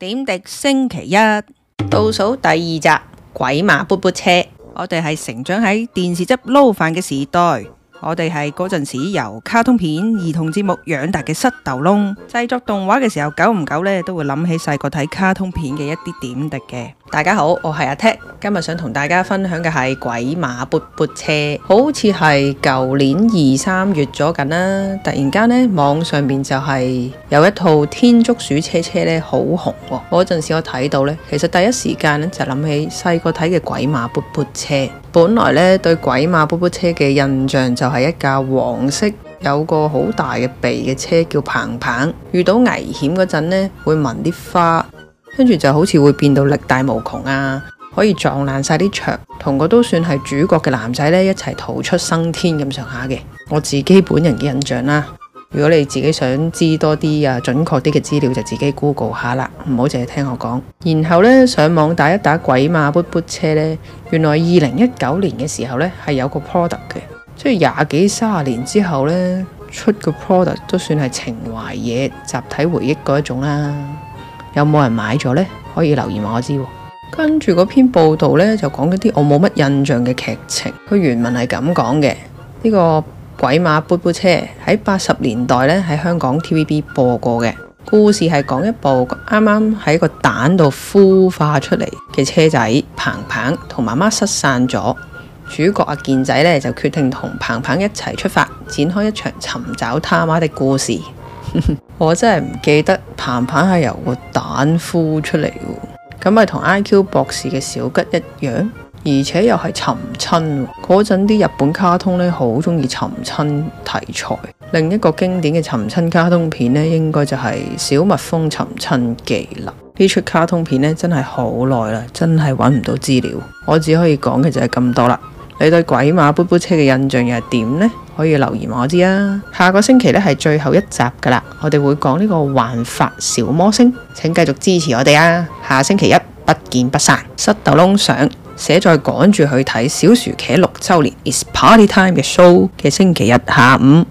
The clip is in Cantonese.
點滴星期一倒數第二集鬼馬砵砵車，我哋係成長喺電視汁撈飯嘅時代，我哋係嗰陣時候由卡通片、兒童節目養大嘅虱斗窿。製作動畫嘅時候，久唔久呢都會諗起細個睇卡通片嘅一啲點滴嘅。大家好，我係阿踢。今日想同大家分享嘅係鬼馬噗噗車，好似係舊年二三月左右啦。突然間呢，網上面就係有一套天竺鼠車車咧、哦，好紅。嗰陣時我睇到呢，其實第一時間呢就諗起細個睇嘅鬼馬噗噗車。本來呢對鬼馬噗噗車嘅印象就係一架黃色有個好大嘅鼻嘅車叫鵬鵬，遇到危險嗰陣呢，會聞啲花，跟住就好似會變到力大無窮啊！可以撞爛晒啲牆，同個都算係主角嘅男仔呢，一齊逃出生天咁上下嘅。我自己本人嘅印象啦，如果你自己想知多啲啊準確啲嘅資料，就自己 Google 下啦，唔好淨係聽我講。然後呢，上網打一打鬼馬嘟嘟車呢，原來二零一九年嘅時候呢，係有個 product 嘅，即係廿幾三十年之後呢，出個 product 都算係情懷嘢，集體回憶嗰一種啦。有冇人買咗呢？可以留言話我知。跟住嗰篇報道呢，就講咗啲我冇乜印象嘅劇情。佢原文係咁講嘅：呢、這個鬼馬缽缽車喺八十年代呢，喺香港 TVB 播過嘅，故事係講一部啱啱喺個蛋度孵化出嚟嘅車仔鵬鵬同媽媽失散咗，主角阿健仔呢，就決定同鵬鵬一齊出發，展開一場尋找他媽的故事。 我真係唔記得鵬鵬係由個蛋孵出嚟。咁咪同 IQ 博士嘅小吉一樣，而且又係尋親。嗰陣啲日本卡通咧，好鍾意尋親題材。另一個經典嘅尋親卡通片咧，應該就係《小蜜蜂尋親記》啦。呢出卡通片咧，真係好耐啦，真係揾唔到資料。我只可以講嘅就係咁多啦。你對鬼馬嘟嘟車嘅印象又係點呢？可以留言我知啊！下個星期咧係最後一集噶啦，我哋會講呢個幻法小魔星，請繼續支持我哋啊！下星期一不見不散。塞豆窿上寫在趕住去睇小薯茄六周年 It's Party Time 嘅 show 嘅星期日下午。